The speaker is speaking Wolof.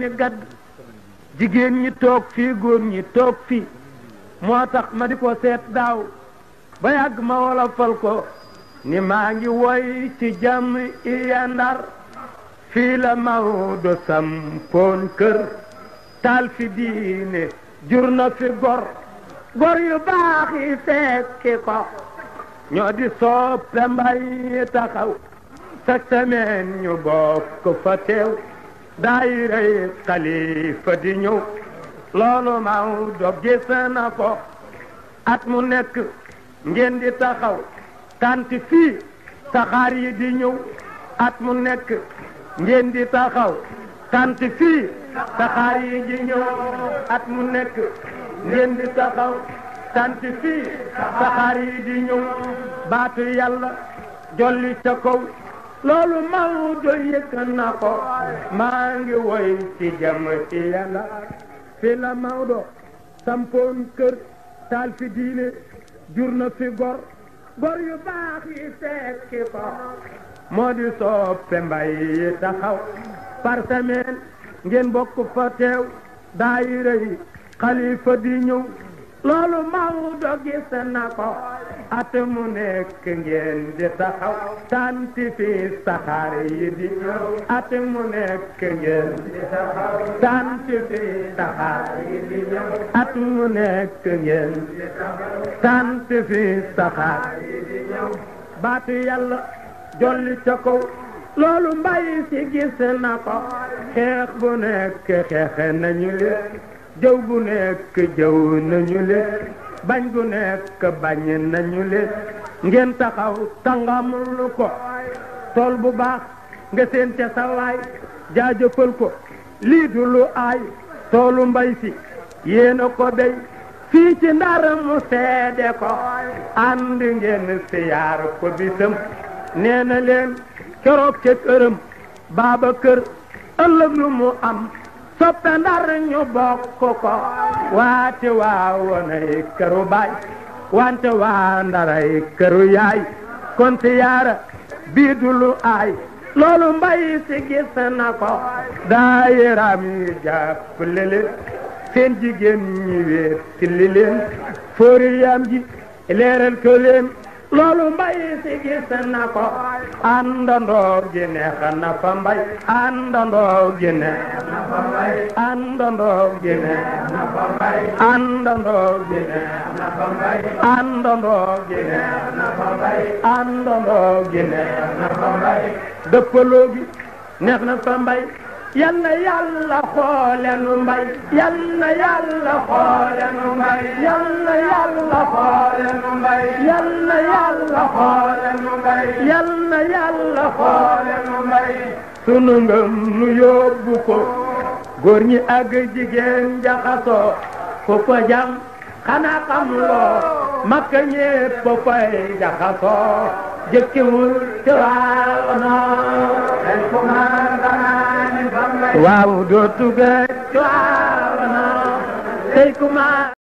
ne gadd jigéen ñi toog fii góor ñi toog fi moo tax ma di ko seet daaw ba yàgg ma wolofal ko ni maa ngi woy ci jàmm iya ndar fii la Maodo sampoon kër taal fi diine jur na fi gor gor yu baax yi fekki ko ñoo di soppe mbay taxaw chaque semaine ñu bokk fa teew daayiray xalifa di ñëw loolu Maodo gis na ko at mu nekk ngeen taxaw tànt fii saxaar yi di ñëw at mu nekk ngeen di taxaw tànt fii saxaar yi di ñëw at mu nekk ngeen di taxaw tànt fii saxaar yi di ñëw baatu yàlla jolli ca kaw loolu Maodo yëkk na ko maa ngi woy ci jàmm ci yàlla fi la Maodo sampoon kër taal fi diine jur na fi gor gor yu baax yi tekki ko moo di soppe mbay yi taxaw par ngeen bokk fa teew daayira yi xalifa di ñëw loolu Maodo gis na ko at mu nekk ngeen di taxaw tant fi saxaar yi di ñëw at mu nekk ngeen di fi saxaar yi di ñëw baatu yàlla jolli ca kaw loolu mbay ci gis na ko xeex bu nekk xeexe nañu leen jëw bu nekk jëw nañu leen bañ gu nekk bañ nañu leen ngeen taxaw tàngamlu ko tool bu baax nga seen ca sawaay jaajëfal ko lii du lu aay toolu mbay si yéen a ko béy fii ci ndar mu seede ko ànd ngeen siyaar ko bisam nee na leen keroog ca këram baaba kër ëllëg lu mu am soppe ndar ñu bokk ko waate waa wonay këru baay wante waa ndaray këru yaay kon tiyaara bii du lu aay loolu mbay si gis na ko daa yaram yu jàpp leleen seen jigéen ñi wéet si li leen fóori leeral ko loolu mbay si gis na ko àndandoo gi neex na fa mbay àndandoo gi neex na fa mbay àndandoo gi neex na fa mbay àndandoo gi neex na fa mbay àndandoo gi neex na fa mbay àndandoo gi neex na fa mbay dëppaloo gi neex na fa mbay yal na yàlla xoole nu mbay yal na xoole nu mbay sunu ngëm nu yóbbu ko góor ñi ak jigéen jaxasoo foofa jam xanaa xam loo makka ñépp fay jaxasoo jëkkiwul ci waaw na waaw dootu gëj waaw tey ku ma